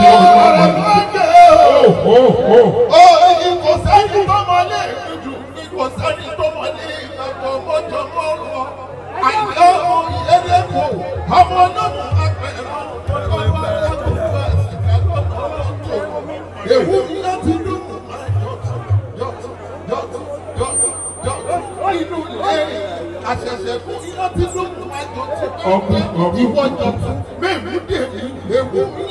ọ̀rọ̀ tó dé o. Oyin kò sẹ́ni tó mọ ní ìpéjú, ní kò sẹ́ni tó mọ ní ìgbàgbọ́ mọ́jọ mọ́rọ̀. Àìlẹ́ oyin ẹlẹ́kọ̀ọ́, ọmọ náà mú apẹ̀rẹ̀ mọ́. Ọlọ́wọ́ ẹlẹ́kọ̀ọ́ bá ṣìkà lọ́kọ̀ọ́ lọ́kọ̀ọ́. Èwú mi láti dùn mọ́ máa yọ̀tọ̀ yọ̀tọ̀ yọ̀tọ̀ yọ̀tọ̀ yọ̀tọ̀ inú ilé àṣẹ̀ṣẹ̀ fún mi láti dùn mọ́ máa yọ̀tọ̀. Ọkùnrin ìwọ yọ̀tọ̀, mẹ́ẹ̀mú dèmí, èwú mi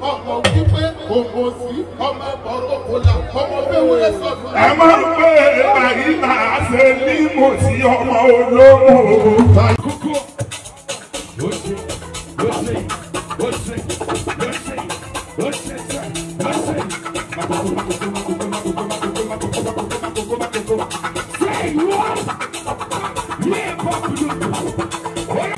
ọmọ wípé òmò sí ọmọ ẹ̀bọ̀rọ̀ kòlà ọmọ wéwúrẹ́ sọ̀tún. ẹ máa ń pè é bàyí màá ṣe ní mò sí ọmọ olóko. kókó ó ṣe ó ṣe ó ṣe ó ṣe ó ṣe ó ṣe àkókò. Say what? Yeah, Papa.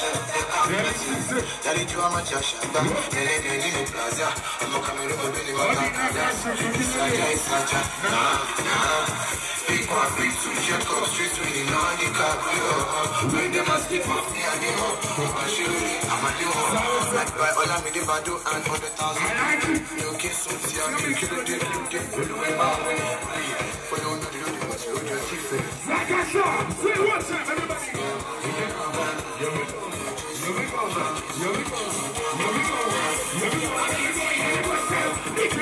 Dali Big one big two jet cop Streets winning on the cabrio When them a skip off the animal i am ama di ho Like I'm in the You do it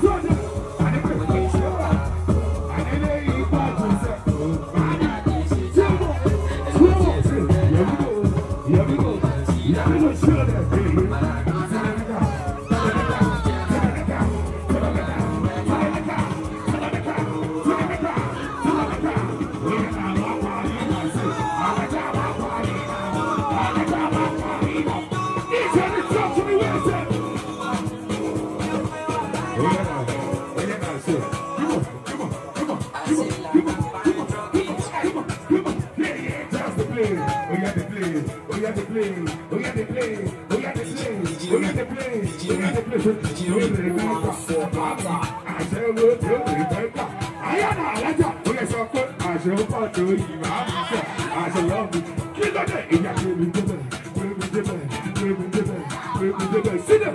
go, go, go. Sit up.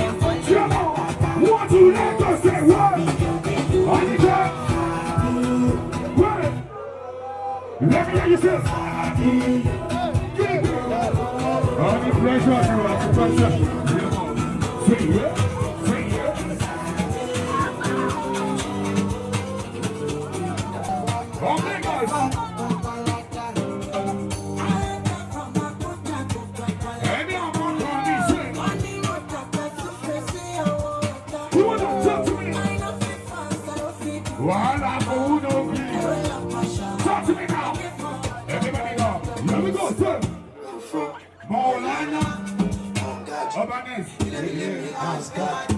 Services. All the pleasure, you are stubbornness. Yeah.